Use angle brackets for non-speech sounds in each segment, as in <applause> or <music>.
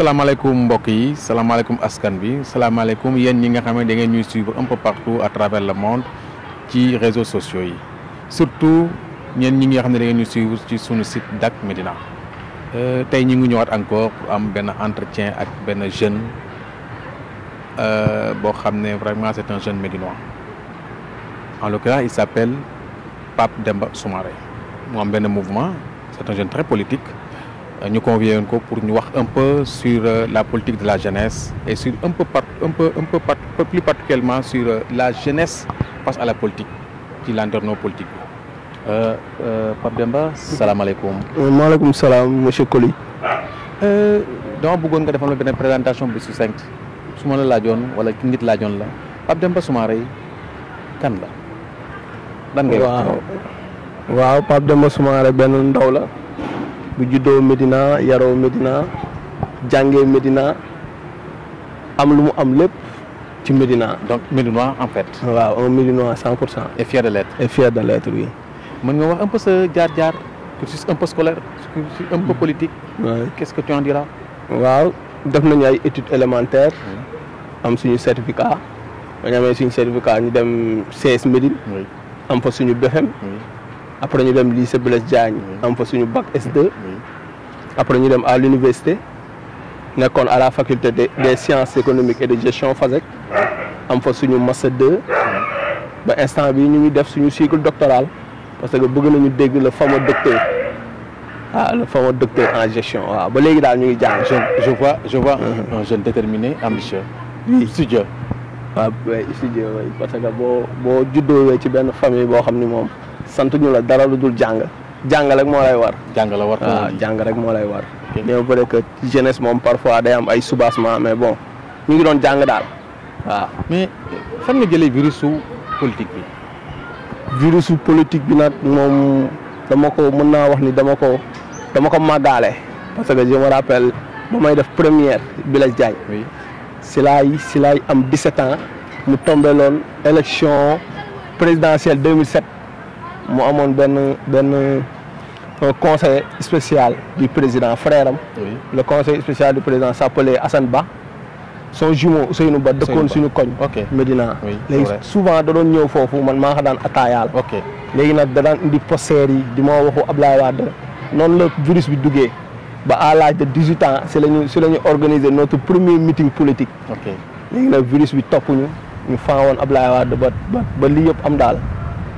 salaamaaleykum mbokk Salam salaamaaleykum askan Salam salaamaaleykum yéen ñi nga qui nous da ngeen ñuy suivre un peu partout à travers le monde ci réseaux sociaux yi surtout ñen ñi nga xamné da ngeen ñuy suivre ci site Dak Euh tay ñi ngi ñëwaat encore pour am ben entretien ak un jeune euh bo ne vraiment c'est un jeune médinois en l'occurrence il s'appelle Pape Demba Soumaré mu am ben mouvement c'est un jeune très politique nous euh, convié pour nous wax un peu sur euh, la politique de la jeunesse et sur un peu un peu un peu plus particulièrement sur euh, la jeunesse face à la politique nos politiques. Euh, euh, Pape Demba salaamaaleykum. alaykoum, salam, monsieur Coly. dama bëggoon nga defal ma présentation bi succincte su ma la laajoon wala ki nit laajoon la Pape Demba Soumaré kan la. lan ngay wax Pape Demba Soumaré benn ndaw la bu juddoo Medina yaro Medina jàngee Medina am lu mu am lepp ci Medina. donc Médinois en fait. waaw un Médinois 100% et fier de l'être. et fier de l'être oui. mën nga wax un peu sa que jaar cursus un peu scolaire cursus un peu politique. Ouais. qu'est-ce que tu en diras. waaw def nañu ay études élémentaires. am suñu certificat. ba ñu amee suñu certificat ñu dem CS Médine. am fa suñu BFEM après ñu dem lycée Blaise Diagne am fa suñu bac S2 après ñu dem à l'université nekkoon à la faculté des sciences économiques et de gestion FASEC am fa suñu master 2 ba instant bi ñu ngi def suñu cycle doctoral parce que bëgg nañu dégg le fameux docteur ah le fameux docteur en gestion waaw ba léegi daal ñu ngi jàng. je je vois je vois un mhm. jeune déterminé ambitieux. oui studieux. waaw ah, studieux parce que boo boo juddoo ci benn famille boo xam ni santuñu la dara lu dul jàng jàng rek moo lay war jàng la war waaw ah, jàng rek moo lay war mais vrai que jeunesse moom parfois day am ay soubassement mais bon ñu ngi doon jàng daal waaw ah, mais fan nga jëlee virusu politique bi virusu politique bi nag moom dama ko mën naa wax ni dama ko dama ko màggaale parce que je me rappelle ba may def première village diagne oui. si laay am 17 ans mu tombé loon élection présidentielle 2007 mu amoon Ben Ben conseil spécial du président frère le conseil spécial du président s'appelait Hassan Ba. son jumeau Ousseynou Ba de suñu koñ. ok Medina. oui léegi souvent da doon ñëw foofu man maa ko daan attaayaal. ok léegi nag da daan indi poster di mo waxu Abdoulaye Wade non le virus bi duggé ba à l'âge de 18 ans c'est lañu c'est lañu organiser notre premier meeting politique. ok léegi virus bi topp ñu ñu faawoon Abdoulaye Wade ba ba li yëpp am daal.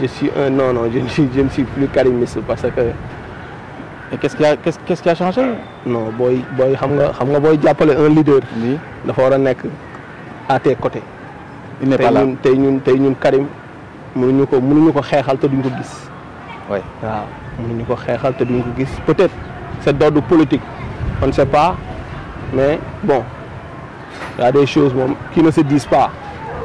je suis un non, non, je, ne suis plus carimiste parce que. Et qu'est-ce qui a, quest changé Non, boy, boy, boy un leader. à tes côtés. il n'est pas là Karim oui peut-être c'est d'ordre politique on ne sait pas mais bon il y a des choses qui ne se disent pas.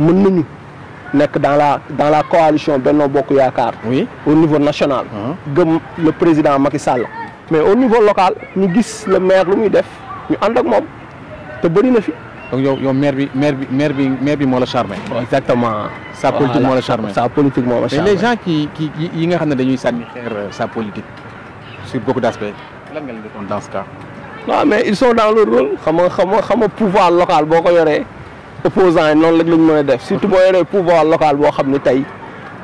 mën nañu nekk dans la dans la coalition Benno Bokk Yaakaar. oui au niveau national. Ah. gëm le président Macky Sall. mais au niveau local ñu gis le maire lu muy def ñu ànd ak moom te bëri na fi. donc yow yow maire bi maire bi maire bi maire bi moo la charmé. exactement. sa politique moo la charmé sa politique m'a la charmé. mais les gens qui qui yi nga xam ne dañuy sànni euh, sa politique sur beaucoup d'aspects. aspects lan nga leen dans ce cas. Non, mais ils sont dans leur rôle xam nga xam nga xam pouvoir local boo ko opposants non noonu rek la ñu mën def surtout pouvoir local boo xam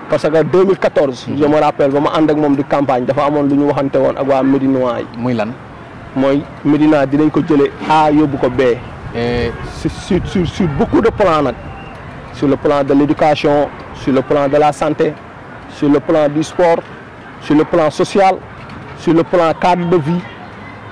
parce que 2014. Mhm. je me rappelle ba ma ànd de campagne dafa amoon de nous waxante woon ak waa Médinois muy Médina ko A ko B. sur sur sur beaucoup de plans sur le plan de l'éducation sur le plan de la santé sur le plan du sport sur le plan social sur le plan cadre de vie.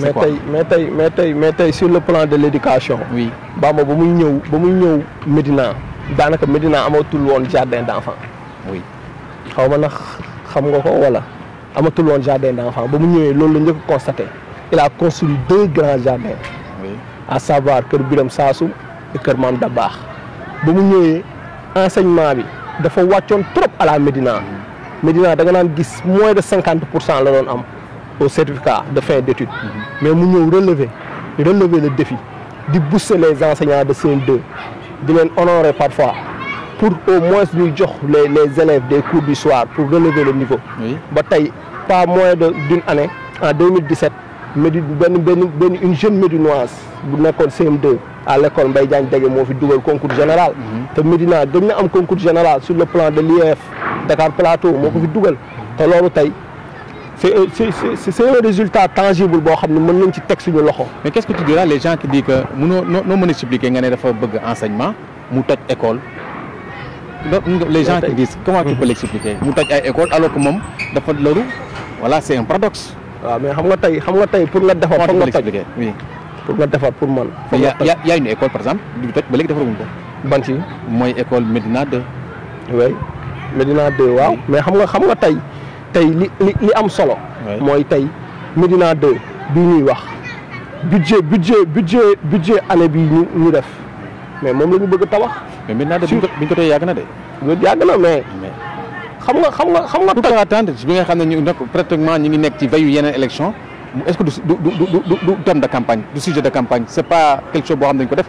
mais tey mais tay mais tay mais tay sur le plan de l'éducation. oui bamo bu muy ñew ba muy ñew Medina, danaka medina amatul woon jardin d'enfants oui xawma nak xam nga ko wala amatul woon jardin d'enfants enfant ba mu loolu la constaté il a construit deux grands jardins. oui à savoir keur Biram Saasum et keur mam dabax ba mu ñëwee enseignement bi dafa waccion trop à la Medina. Medina, mm. da nga naan gis moins de 50% la doon am au certificat de fin d'études. Mais nous avons relevé, relever le défi, de booster les enseignants de CM2, de les honorer parfois, pour au moins nous les, les élèves des cours du soir, pour relever le niveau. Bataille, pas moins d'une année, en 2017, une jeune médinoise, CM2, à l'école Mbaye elle a fait le concours général mhm. te Médina a na concours général sur le plan de l'IEF Dakar Plateau moo a fi Dougal, te euh, c'est un résultat tangible boo xam ne mën nañ ci mais qu'est-ce que tu diras les gens qui disent que nous noo mën expliquer nga ne dafa bëgg enseignement mu toj école. les gens qui disent comment tu peux l'expliquer mu toj ay école alors que mom dafa leuru voilà c'est un paradoxe. mais xam nga tay xam nga tay pour nga defar. pour nga oui. pour nga defar pour man. il y' a une école par exemple du toj ba léegi defaruñu ko. ban ci moy école Medina 2. oui Medina 2 waaw mais xam nga xam nga tay tey li li am solo. moy tey Médina 2 bi ñuy wax budget budget budget budget année bi ñu ñu def mais mom la ñu bëgg tawax mais Medina 2 bi ñu ko tay yàgg na de. yàgg na mais. xam nga xam nga xam nga. toj pourquoi attendre bi nga xam ne ñu nag pratiquement ñu ngi nekk ci bayu yu yeneen élection est-ce que du du du du du thème de campagne du sujet de campagne c'est pas quelque chose bo xam dañ ko def.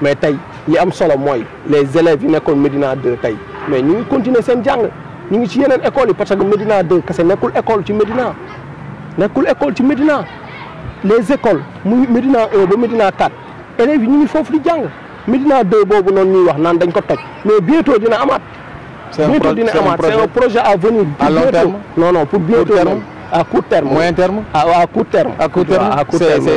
mais tay, y am solo les élèves viennent nekkoon Médina 2 tay. mais nous continuons continuer Nous jàng ci parce que Médina 2 école ci Médina Nekul école ci les écoles Medina, Médina 1 ba Médina 4 élèves yi ngi fofu Médina 2 nous non wax mais bientôt dina c'est un projet un à venir. à non non pour bientôt. À court terme. Moyen terme à, à, court terme. À court terme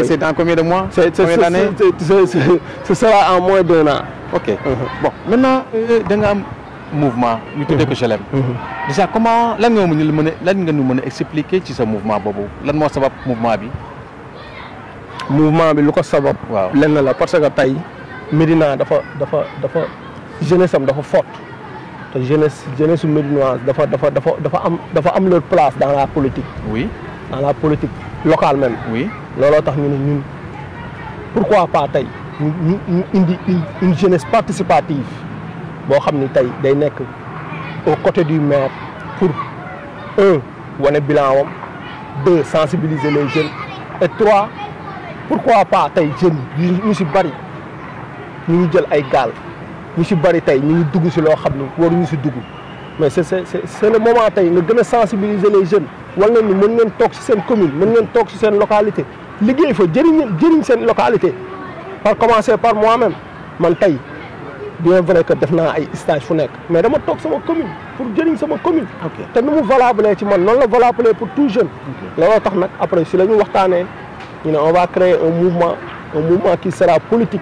C'est oui. en combien de mois C'est Ce sera en moins d'un an. Ok. Uh-huh. Bon, maintenant, euh, dans un mouvement, nous mm que je l'aime. Mm -hmm. Déjà, comment là, nous nous expliquer ce mouvement Bobo Là, moi, ça va mouvement bi. Mouvement bi, le quoi ça va Là, parce que taille, Medina, dafa dafa dafa jeunesse am dafa forte la jeunesse jeunesse médinoise dafa dafa dafa dafa am dafa am leur place dans la politique. oui dans la politique locale même. oui looloo tax pourquoi pas tay une jeunesse participative bo xamni tay day nek au côté du maire pour un wane bilan deux sensibiliser les jeunes et trois pourquoi pas tay jeunes yi ñu si bari ñu jël ay gal ñu ci bari tay ñu ngi dugg ci lo xam ne waruñu ci dugg mais c'est c'est c'est le moment tay nga gëna sensibiliser les jeunes war ñu ni mën ngeen toog si seen commune mën ngeen toog si seen localité liggéey fa jëriñ jëriñ seen localité par commencer par moi même man tey bien vrai que def naa ay stage fu nekk mais dama toog sama commune pour jëriñ sama commune te nu mu valable ci man noonu la valable pour tout jeune looloo tax nag après si la ñu waxtaanee ñu ne on va créer un mouvement un mouvement qui sera politique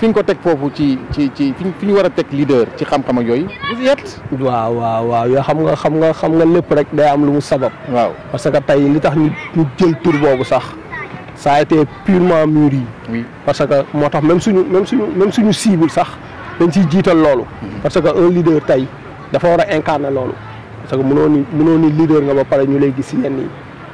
fi nga ko teg foofu ci ci ci fi ñu war a teg leader ci xam-xam ak yooyu bu yet waaw waaw yoo xam nga xam nga xam nga lépp rek day am lu mu sabab waaw parce que tey li tax ñu ñu jël tur boobu sax ça a été purement mûri parce que moo tax même suñu même suñu même suñu cible sax dañ ciy jiital loolu mm-hmm. parce que un leader tey dafa war a incarner loolu parce que mënoo ni mënoo ni leader nga ba pare ñu lay gis si yenn yi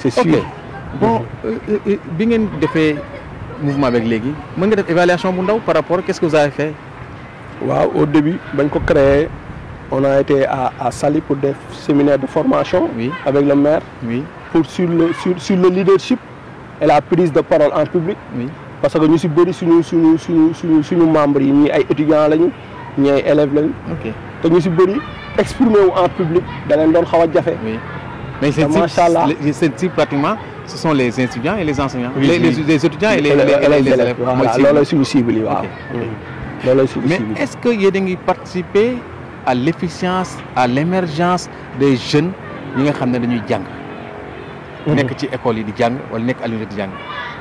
c'est sûr bon euh, euh, euh, bi fait un mouvement avec légui. mën nga une évaluation bu par rapport à ce que vous avez fait. au début créer on a été à à pour des séminaires de formation. oui avec le maire. oui pour sur le sur le leadership et la prise de parole en public. oui parce que nous si bëri suñu suñu nous suñu suñu membres yi sommes ay étudiants lañu ñii élèves Nous ok te ñu si bëri exprimer en public da leen doon xaw a Oui. Mais ces bah, types, types pratiquement, ce sont les étudiants et les enseignants. Oui, les, oui. Les, les, étudiants et les, élèves. élèves. Voilà, voilà. Mais est-ce que vous avez participé à l'efficience, à l'émergence des jeunes qui ont été nekk ci école yi di de wala nekk à l'université di jàng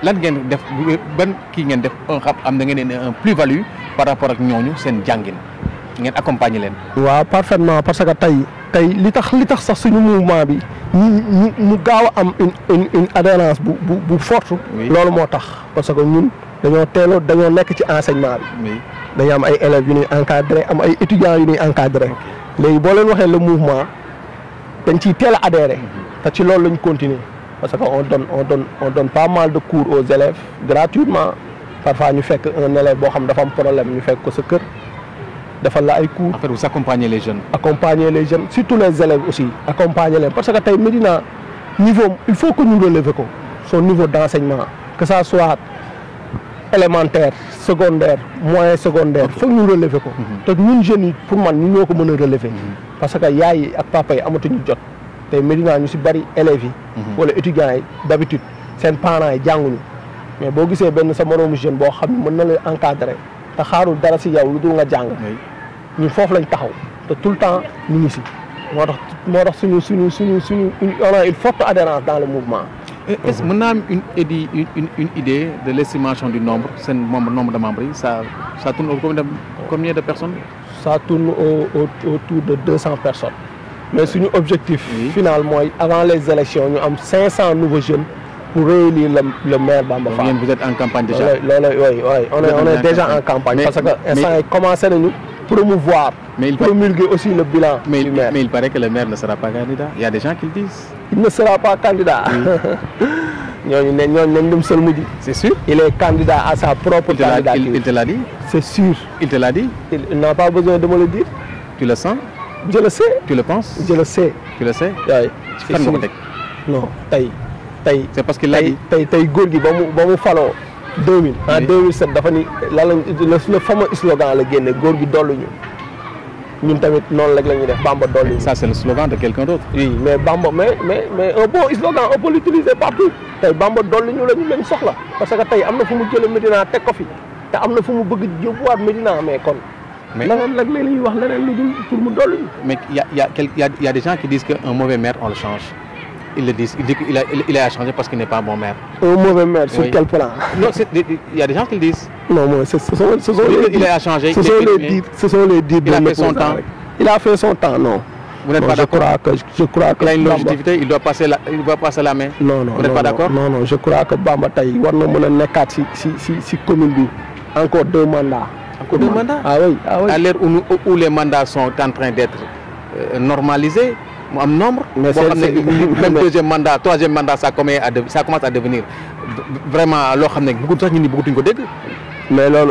lan ngeen def ban kii ngeen def un xam am un plus value par rapport ak qui seen jàngin ngeen accompagner leen. waaw parfaitement parce que tey tey li tax li tax sax suñu mouvement bi ñu mu gaaw a am une une une adhérence bu bu bu forte. loolu moo tax parce que ñun dañoo teeloo dañoo nekk ci enseignement bi. dañoo am ay élèves yu ñuy encadré am ay étudiants yu ñuy encadré. léegi boo leen waxee le mouvement dañ ciy teel a adhéré. Mhm. te ci loolu lañu continuer parce que on donne on donne on donne pas mal de cours aux élèves gratuitement parfois ñu fekk un élève boo xam dafa am problème ñu fekk ko sa kër defal la ay cours. Après, vous accompagnez les jeunes. accompagner les jeunes surtout les élèves aussi accompagner les parce que tey Medina niveau il faut que nous relever ko son niveau d'enseignement que ça soit élémentaire secondaire moyen secondaire faut que nous relever ko. Mhm. te ñun jeunes yi pour man nous ñoo ko mën relever. Mhm. parce que yaay yi ak papa yi amatuñu jot tey Médina ñu si bari élèves yi. Mhm. wala étudiants d'habitude, d' parents yi jànguñu mais boo gisee ben sa moroomu jeune boo xam ne mën encadrer te xaarul dara si yow lu dul nga jàng ñun foofu lañ taxaw te tout le temps ñu ngi si moo tax moo tax suñu suñu suñu suñu on a une forte adhérence dans le mouvement est-ce mën naa am une une une idée de l'estimation du nombre seen membre nombre de membres yi ça ça tourne au combien de personnes ça tourne au autour de 200 personnes mais suñu objectif final mooy avant les élections ñu am 500 nouveaux jeunes pour réunir le, maire Bamba Vous êtes en campagne déjà Oui, on, est, déjà en campagne. parce commencé à nous promouvoir, mais il promulguer aussi le bilan mais, Mais il paraît que le maire ne sera pas candidat. Il y a des gens qui le disent. Il ne sera pas candidat. <laughs> C'est sûr Il est candidat à sa propre candidature. Il, te l'a dit C'est sûr. Il te l'a dit Il, n'a pas besoin de me le dire. Tu le sens Je le sais. Tu le penses Je le sais. Tu le sais Non, tey c'est parce que tey tey tey góor Bamou ba mu 2000 en 2007 dafa ni lan lañ le fameux slogan la génne góor gi dolluñu ñun tamit noonu rek la def Bamba dolluñu ça c'est le slogan de quelqu'un d'autre oui mais Bamba mais mais mais un bon slogan on peut l'utiliser partout tey Bamba dolluñu la ñu lañ soxla parce que tey Amna Fumu fu Medina, jële Médina teg ko fi te am na fu bëgg yóbbuwaat Médina mais kon Mais il y, a, y a des gens qui disent qu'un mauvais maire, on le change. Il le disent. Ils disent qu'il a, il a, changé parce qu'il n'est pas un bon maire. Un mauvais maire, sur quel plan Non, il y a des gens qui le disent. Non, moi, ce sont, ce sont il, a changé. Ce, sont les, dits, ce sont les Il a fait son temps. Il a fait son temps, non. Vous n'êtes pas d'accord je, je crois que. Il a une il doit passer la, il doit passer la main. Non, non. Vous n'êtes pas d'accord Non, non, je crois que Bamba Taï, il doit nekkat si, si, si, si encore deux mandats. Encore deux mandats Ah oui, ah oui. À l'heure où, où, les mandats sont en train d'être euh, normalisés, un nombre. mais <laughs> même deuxième mandat troisième mandat ça commence à ça commence à devenir vraiment loo xam ne beaucoup de gens ñi bëggatuñ ko dégg. mais alors,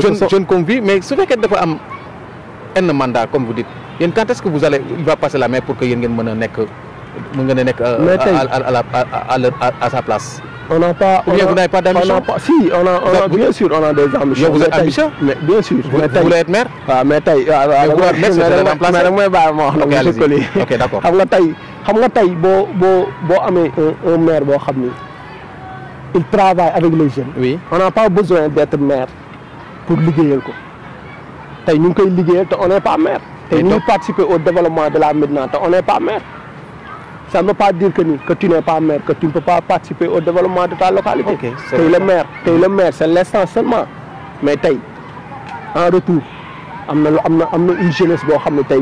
je, ne je ne convie. mais su fekkee am un mandat comme vous dites quand est-ce que vous allez il va passer la main pour que y ait une mën nga euh, à, à, à sa place. on n'a pas ou bien vous n'avez pas d'ambition si on a on a bien sûr on a des ambitions. vous êtes ambitieux mais bien sûr. vous voulez être maire. ah mais tey waaw ah, ah, waaw mais nag ah, mooy bàyyi ma wax nag mu ok d'accord xam nga tey xam nga tey bo bo bo amee un un maire bo xam il travaille avec les jeunes. oui on n'a pas besoin d'être maire pour liggéeyal ko tey nous ngi koy liggéeyal te on n'est pas maire. et nous participer au développement de la Médina te on n'est pas maire. Ça ne veut pas dire que, que tu n'es pas maire, que tu ne peux pas participer au développement de ta localité. tu es, le maire, tu le maire, c'est l'instant seulement. Mais tu en retour, il y a une jeunesse qui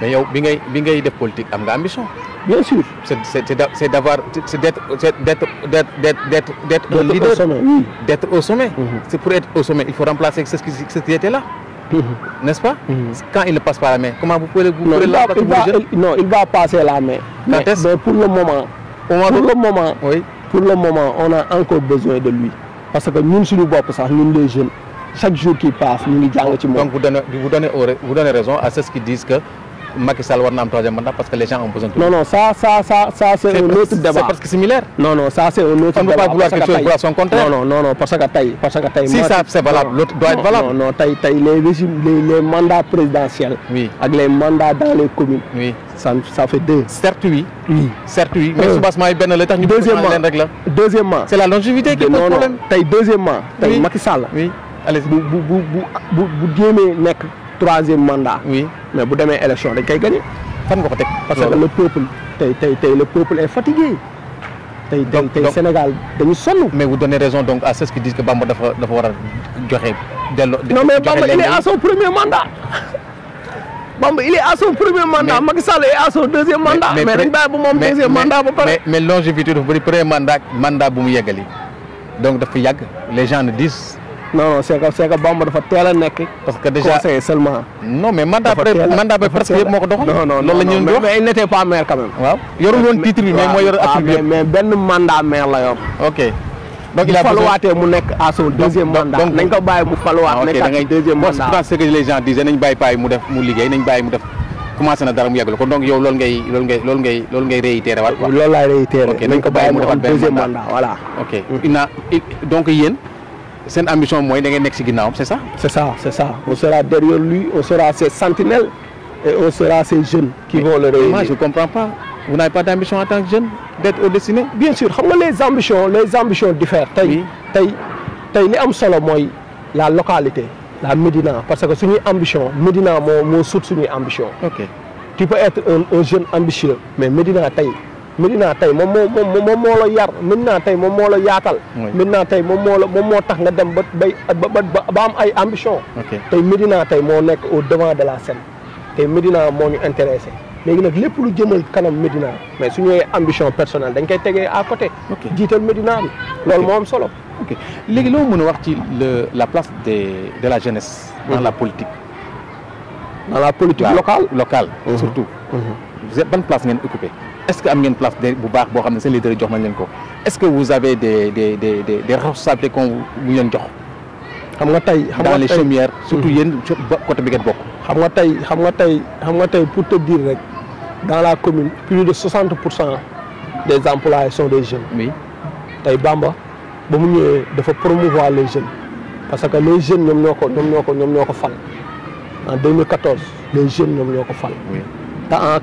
mais yow bi ngay bi politique am ambition. bien sûr C'est d'avoir... D'être d'être... d'être au sommet mm-hmm. C'est pour être au sommet il faut remplacer ce qui était là. Mhm. n'est-ce pas mhm. Quand il ne passe pas la main, comment vous pouvez vous non, non, il va passer la main. Mais, pour le moment, pour le moment, oui. pour le moment, on a encore besoin de lui. Parce que nous, si nous pour ça, nous les jeunes, chaque jour qui passe, nous nous Donc vous donnez, vous donnez, vous donnez raison à ceux qui disent que Macky Sall war na troisième mandat parce que les gens ont besoin de. non non ça ça ça ça c'est un autre débat parce que similaire. non non ça c'est un autre débat on ne peut pas vouloir son contraire. non non non parce que taille parce que taille si ça c'est valable l'autre doit être valable. non non taille taille les les mandats présidentiels. oui Avec les mandats dans les communes. oui ça fait deux. certes oui. oui certes oui mais euh. la tax deuxièmement la longévité qui pose problème. deuxièmement. oui oui allez troisième mandat. oui mais vous demee élection dañ gagné. fan nga ko parce que le peuple le peuple est fatigué. Donc, donc, nous Sénégal nous. mais vous donnez raison donc à ceux qui disent que Bamba doit dafa non mais Bamba il est à son premier mandat. Bamba il est à son premier mandat. Macky est à son deuxième mandat. mais dañ est à son deuxième mandat mais mais longévité dafa premier mandat mandat bu donc dafa yàgg les gens ne disent. Non, non c'est que c'est que bambar dafa téla nek parce que déjà conseil seulement. Non mais mandat après mandat après presque yépp moko doxal. Non non non, non, non, Mais il n'était pas maire quand même. Waaw. Yorul won titre bi mais mo yor attribut. Mais ben mandat maire la yor. OK. Donc il a falluaté mu nek à son deuxième mandat. Donc nañ ko baye mu falluat nek à son deuxième mandat. Parce que les gens disaient nañ baye pay mu def mu liggéey nañ baye mu def commencé na dara mu yagul ko donc yow lool ngay lool ngay lool ngay lool ngay réitérer wat quoi. Lool la réitérer. OK nañ ko baye mu defat deuxième mandat. Voilà. OK. Il donc yeen cette ambition moi da ngay c'est ça. c'est ça c'est ça on sera derrière lui on sera ses sentinelles et on sera ses jeunes. qui vont le réunir moi je ne comprends pas vous n'avez pas d'ambition en tant que jeune d'être au Dessiné bien sûr les ambitions les ambitions diffèrent. taille tey taille li am solo la localité. la Médina parce que une ambition Médina mon soutien, sut ambition. ok tu peux être un un jeune ambitieux mais Médina taille Médina tay mom mom mom moom moo yar Médina tay mom moo la yaatal. Médina tay mom moo la moom moo tax nga dem ba ba ba am ay ambition. tay medina tay mo nek au devant de la scène tey medina mo ñu intéressé. léegi nak lepp lu jëmal kanam medina mais su ambition personnelle dañ koy tegee à côté. jiital medina bi mom solo. ok léegi loo mën wax ci le la place de de la jeunesse. dans la politique. dans la politique locale locale. Mhm. surtout. Mhm. vous êtes bonne place ngeen occupé est-ce que am ngeen place bu baax boo xam ne leader jox ko est-ce que vous avez des des des des des responsabilités qu'on vous leen jox. xam nga mhm. xam nga dans les chaumières surtout yéen côté bi Bok xam nga xam nga xam nga pour te dire rek dans la commune plus de 60 des employés sont des jeunes. oui tey Bamba ba mu dafa promouvoir les jeunes parce que les jeunes ñoom ñoo ko ñoom ñoo ko fal en 2014 les jeunes ñoom ñoo ko Oui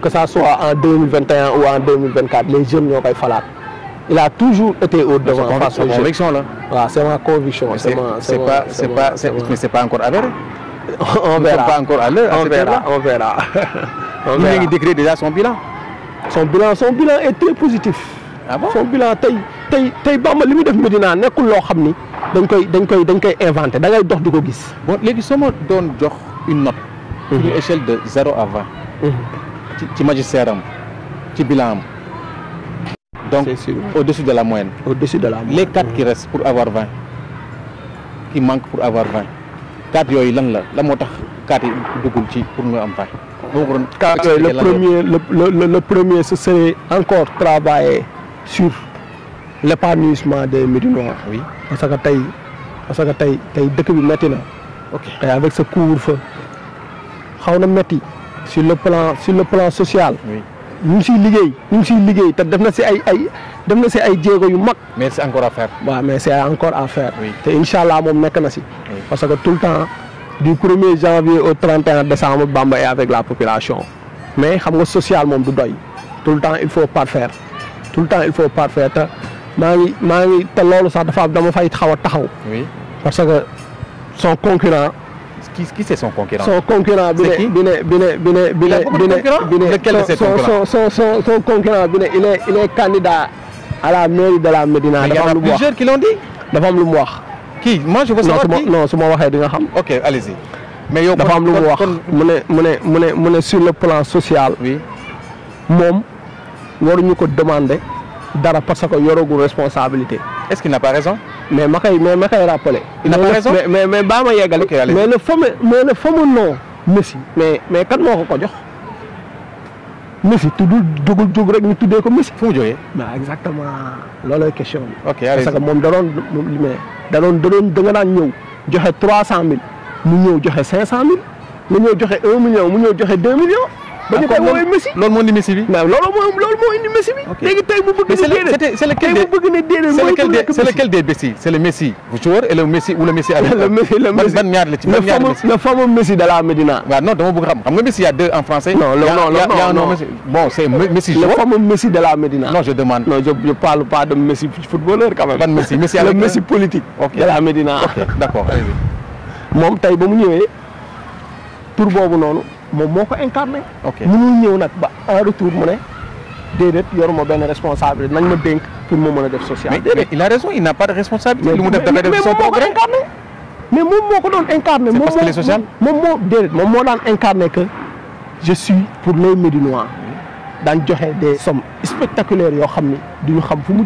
que ça soit en 2021 ou en 2024, les jeunes n'ont pas fallu. Il a toujours été au devant. C'est ma conviction là. Ah, c'est ma conviction. C'est pas, c'est pas, mais c'est pas encore avéré. <laughs> On verra. Pas encore à l'heure. On verra. On verra. <laughs> on verra. Il décrit déjà son bilan. Son bilan, son bilan est très positif. Ah bon? Son bilan, tay, tay, tay, bamba limi def medina nekul lo xamni dañ koy dañ koy dañ koy inventé da ngay du diko gis. Bon légui sama doon jox une note. sur Une mhm. échelle de 0 à 20 qui magistère, qui bilan. Donc, au-dessus de la moyenne. Au-dessus de la moyenne. Les 4 qui restent pour avoir 20, qui manquent pour avoir 20, 4 yoy, restent pour avoir 20, 4 yoy, pour nous en 20. Le premier, le, le, le premier, ce serait encore travailler sur l'épanouissement des médinois. Oui. Parce que taille, parce que Avec ce cours feu on a métier sur le plan sur le plan social. oui nous siy ligué nous ngi ligué mais c'est encore à faire. Oui, mais c'est encore à faire. oui mon allah mon na parce que tout le temps du 1er janvier au 31 décembre Bamba est avec la population. mais comme nga social mon du tout le temps il faut parfaire tout le temps il faut parfaire faire mais mais te fait sa dafa dama fay oui parce que son concurrent qui, qui c'est son concurrent Son concurrent, c'est qui bine, bine, bine, Il a beaucoup de concurrents Lequel est son, concurrent son, son, son, son concurrent, il est, il est candidat à la mairie de la Médina. Il y en a plusieurs qui l'ont dit Dafa am lu mu wax. kii moi je veux savoir non su ma non su ma waxee di nga xam. ok allez-y. mais yo, dafa am lu mu wax mu ne mu ne mu ne sur le plan social. oui moom waruñu ko demander dara parce que yorogu responsabilité est-ce qu'il n'a pas raison mais je mais makay il n'a pas raison mais mais, mais bama yegal ki yalla mais le fomé mais le fomé non merci mais mais kan moko ko jox Messi, tu dois jouer avec tout d'un coup Messi. Faut jouer. Mais bah, exactement, la question. Ok, allez. Parce que mon daron, mais daron, daron, dengan nyou, j'ai 300 000, nyou j'ai 500 000, nyou j'ai 1 million, nyou j'ai 2 millions ba ñu ah, koy woowee Messi loolu moo indi Messi bi waaw loolu moo loolu moo indi Messi bi léegi tey mu bëgg ne déedéet c'est lequel des bëgg ne déedéet mooy c'est lequel des Messi c'est le Messi joueur et le Messi ou le Messi avec le Messi le Messi la Messi le fameux Messi de la Medina. waaw non dama bëgg xam xam nga Messi y a deux en français non non non non bon c'est Messi le fameux Messi de la Medina. non je demande non je parle pas de Messi footballeur quand même ban Messi Messi le Messi politique de la Medina. d'accord moom tey ba mu ñëwee tur boobu noonu moom moko incarné. ok mënul ñëw nak ba en retour mu ne yor mo benn responsable. nañ ma dénk pour mo mën def social. déedéet il a raison il n'a pas de responsabilité. li mu def dafa def son progrès mais moom moko don incarné. c'est parce que les social moom mo déedéet incarné que je suis pour les Médinois daan joxé des sommes spectaculaires yo xamni ni duñu xam fu mu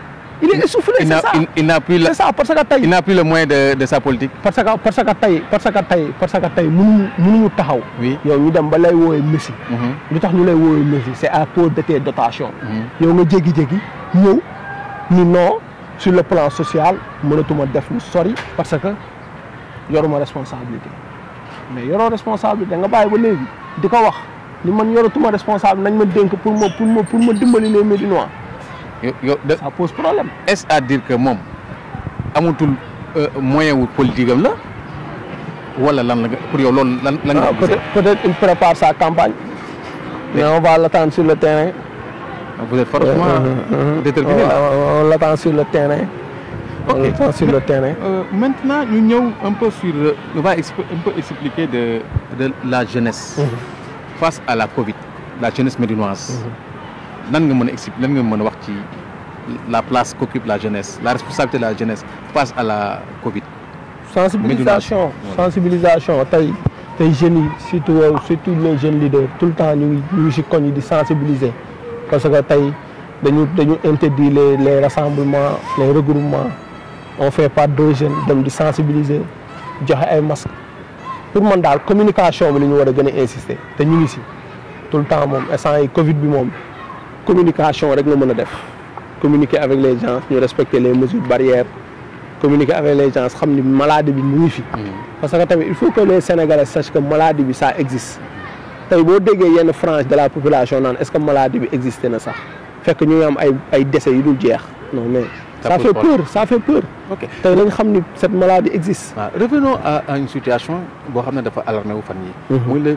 il est essoufflé, c'est ça. Il, n'a plus, plus le moyen de, de sa politique. Parce que, parce que taille parce que taille parce que taille nous, nous taxaw. Oui. Yow ñu dem ba lay woyé Messi. Mhm. Lu tax ñu lay woyé Messi, c'est à cause de tes dotations. Mhm. Yow nga jéggi jéggi ñew ni non sur le plan social mënatuma def lu sori parce que yoruma responsabilité. Mais yoroo responsabilité nga bàyyi ba légui diko wax ni man yoro yoratuma responsable nañ ma denk pour ma pour ma pour ma dimbali les Médinois ça pose problème. est-ce à dire que moom amatul euh, moyen ou politique ou la pour ah, peut-être il prépare sa campagne. mais on va l'attendre sur le terrain. Ah, vous êtes forcément euh, euh, déterminé là. on l'attend sur le terrain. sur le terrain. maintenant nous allons un peu sur on va expliquer de de la jeunesse. Mm-hmm. face à la Covid la jeunesse médinoise. Mm-hmm nan nga mëna nan nga la place qu'occupe la jeunesse la responsabilité de la jeunesse face à la Covid. sensibilisation sensibilisation tay tay jeunes surtout surtout les jeunes leaders tout le temps ñu ñu ci cogni di sensibiliser parce que tay dañu dañu interdit les les rassemblements les regroupements on fait pas deux jeunes dem sensibiliser joxe ay masque. pour masque. Pour communication bi la ñu nous insister té ñu ngi tout le temps mom essayer Covid bi communication rek nga mën def communiquer avec les gens ñu respecter les mesures barrières communiquer avec les gens xam ni maladie bi mu fi. Hmm. parce que il faut que les sénégalais sachent que maladie bi ça existe tay bo déggee yenn frange de la population est-ce que maladie bi existe na sax fekk ñu ngi am ay ay décès yu dul non mais. ça fait peur ça fait peur. ok tay lañ cette maladie existe. Ah, revenons à une situation où xamné dafa alarmé wu fan yi mhm. le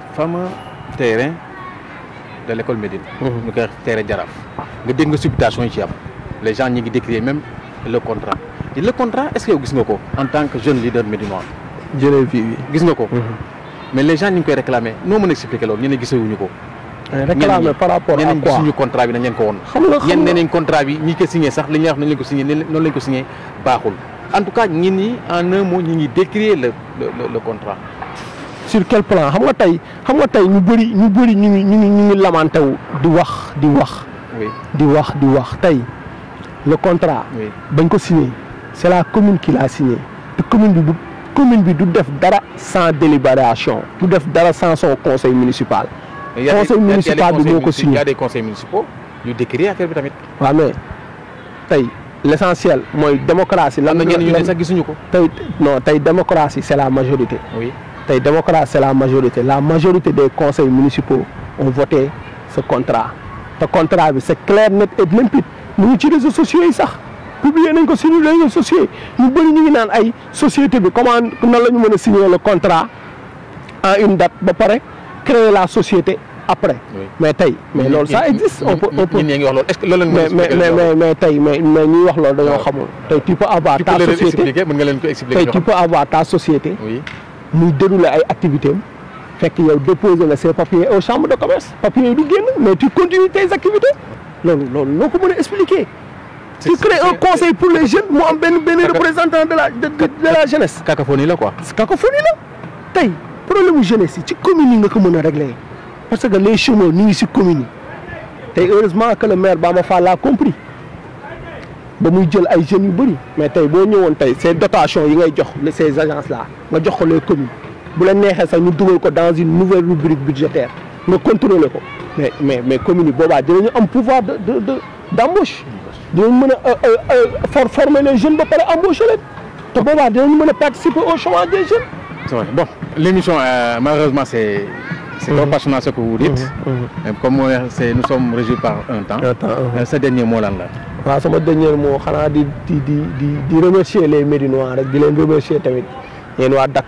terrain de l'école Médine. ñu mhm. koy teere Djaraf. nga dégg nga subitation yi les gens ñi ngi même le contrat le contrat est-ce que vous gis nga en tant que jeune leader médinois. jëlee fii gis nga ko. Mhm. mais les gens ñu ngi koy réclamer mais expliquer a expliquer loolu ñeneen gisewuñu ko. Eh, réclamer par rapport à quoi contrat bi nañ leen ko woon. xam nga nga contrat bi ñi signé sax li ñuy wax nañ signé Nous lañ ko signé baaxul en tout cas ñi en un mot ñi ngi le le le contrat sur quel plan xam nga tay xam nga tay ñu bëri ñu bëri ñu ngi ñu ñu ngi wu di wax di wax. di wax di wax tay le contrat. bañ ko signé c'est la commune qui l'a signé La commune bi du commune bi du def dara sans délibération du def dara sans son conseil municipal. conseil municipal bi moo ko signé y a des conseils municipaux ñu décret affaire bi tamit. waaw mais tey. l'essentiel mooy démocratie lan la ñu ne sax gisuñu ko. tey non tey démocratie c'est la majorité. oui tey démocrate c'est la majorité la majorité des conseils municipaux ont voté ce contrat Ce contrat c'est clair net et limpide mu ngi ci réseaux sociaux yi publier nañ ko suñu réseaux sociaux Nous bëri ñu ngi naan ay société bi comment nan la ñu signer le contrat à une date ba pare créer la société après. mais tey mais loolu ça existe. on peut on peut ñun ngi wax loolu est-ce que loolu mais mais mais tey mais mais ñuy wax loolu dañoo xamul. tey tu peux avoir ta société tey tu peux avoir ta société. Oui nous dérouler ay activités Fait que ses papiers aux chambres de commerce papiers du mais tu continues tes activités non non non expliquer. tu crées un conseil pour les jeunes moi am ben représentant de la de de la jeunesse. cacophonie là quoi. cacophonie là, problème jeunesse tu communiques commune on régler parce que les chemins sont ici commune heureusement que le maire Bamba Fall l'a compris ba muy jël ay jeunes yu bëri mais tey boo ñëwoon tey ces dotations yi ngay jox ces agences là nga jox ko les communes bu la neexee sax ñu dugal ko dans une nouvelle rubrique budgétaire nga contrôler ko mais mais mais communes yi boobaa dinañu am pouvoir de de de d' embauche. dinañ mën a euh, euh, euh, for former les jeunes ba pare embaucher leen te boobaa dinañ mën a participer au chômage des jeunes. c'est bon l' émission malheureusement c'est c'est mm pas ce que vous dites. Mhm. Mhm. Et comme nous sommes régis par un temps, un temps mhm. euh, ce dernier mot là. waaw ce dernier mot je di remercier les Médinois rek di remercier les Médinois Dak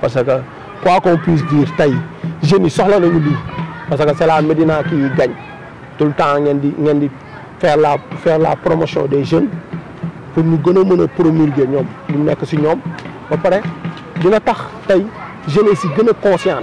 parce que quoi qu'on puisse dire tey jeunes yi soxla nañu dire. parce que c'est la Médina qui gagne tout le temps ngeen di faire la faire la promotion des jeunes pour nous donner a promulguer ñoom lu ba dina tax jeunes yi si conscients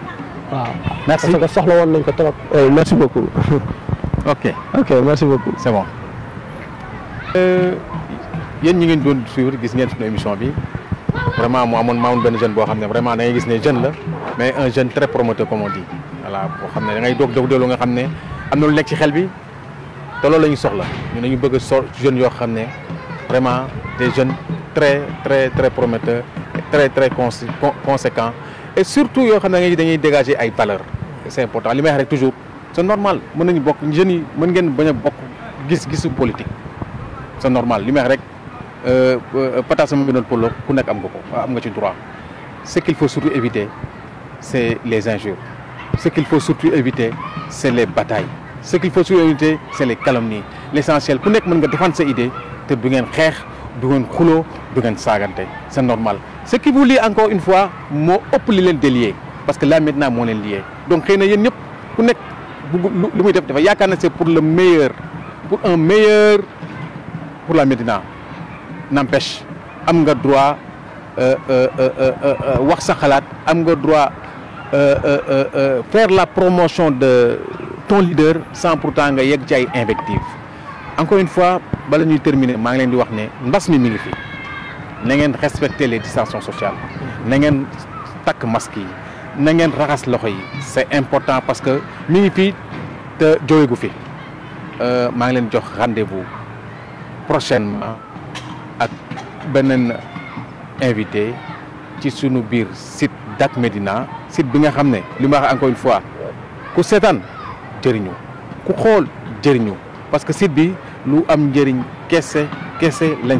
waaw merci parce que soxla woon nañ ko euh, merci beaucoup. <laughs> ok ok merci beaucoup c'est bon. Euh, yéen ñi ngeen doon suivre gis ngeen suñu émission bi vraiment mu amoon maamoon benn jeune boo xam ne vraiment da ngay gis ne jeune la mais un jeune très prometteur comme on dit voilà boo xam ne da ngay doog doog dellu nga xam ne am na lu nekk ci xel bi te loolu la ñu soxla ñu dañu bëgg so jeunes yoo xam vraiment des jeunes très très très prometteurs très très conséquent et surtout yo faut dañuy dégager ay valeurs c'est important limay toujours c'est normal mën nañu bok jeune yi politiques. ngeen gis-gisu politique c'est normal limay rek euh rek mo bi polo ku nek am am droit ce qu'il faut surtout éviter c'est les injures ce qu'il faut surtout éviter c'est les batailles ce qu'il faut surtout éviter c'est les calomnies l'essentiel ku nek mën nga défendre sa idée te du ngeen xex du ngeen xulo du ngeen c'est normal ce qui vous lie encore une fois moo ëpp li délié parce que là maintenant moo leen lié donc xëy na yéen ñëpp ku nekk def dafa c'est pour le meilleur pour un meilleur pour la Médina n'empêche am nga droit euh, euh, euh, wax sa xalaat am nga droit faire la promotion de ton leader sans pourtant nga yegg ci ay encore une fois bala ñuy terminer maa ngi leen di wax ne mbas mi nous respecter les distanciations sociales nous porter takk masque na c'est important parce que mi de que fi euh, rendez-vous prochainement avec un invité ci sunu site Dak Medina. site bi encore une fois ku parce que site bi lu am de kese kese lañ